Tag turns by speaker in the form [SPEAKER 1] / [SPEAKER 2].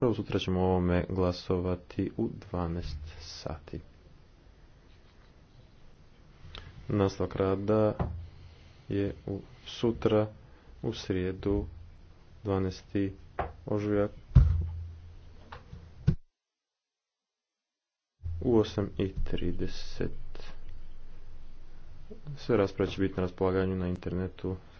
[SPEAKER 1] Prvo sutra ćemo ovome glasovati u 12 sati. Nastavak rada je u sutra u srijedu 12. ožujak u 8.30. Sve rasprave će biti na raspolaganju na internetu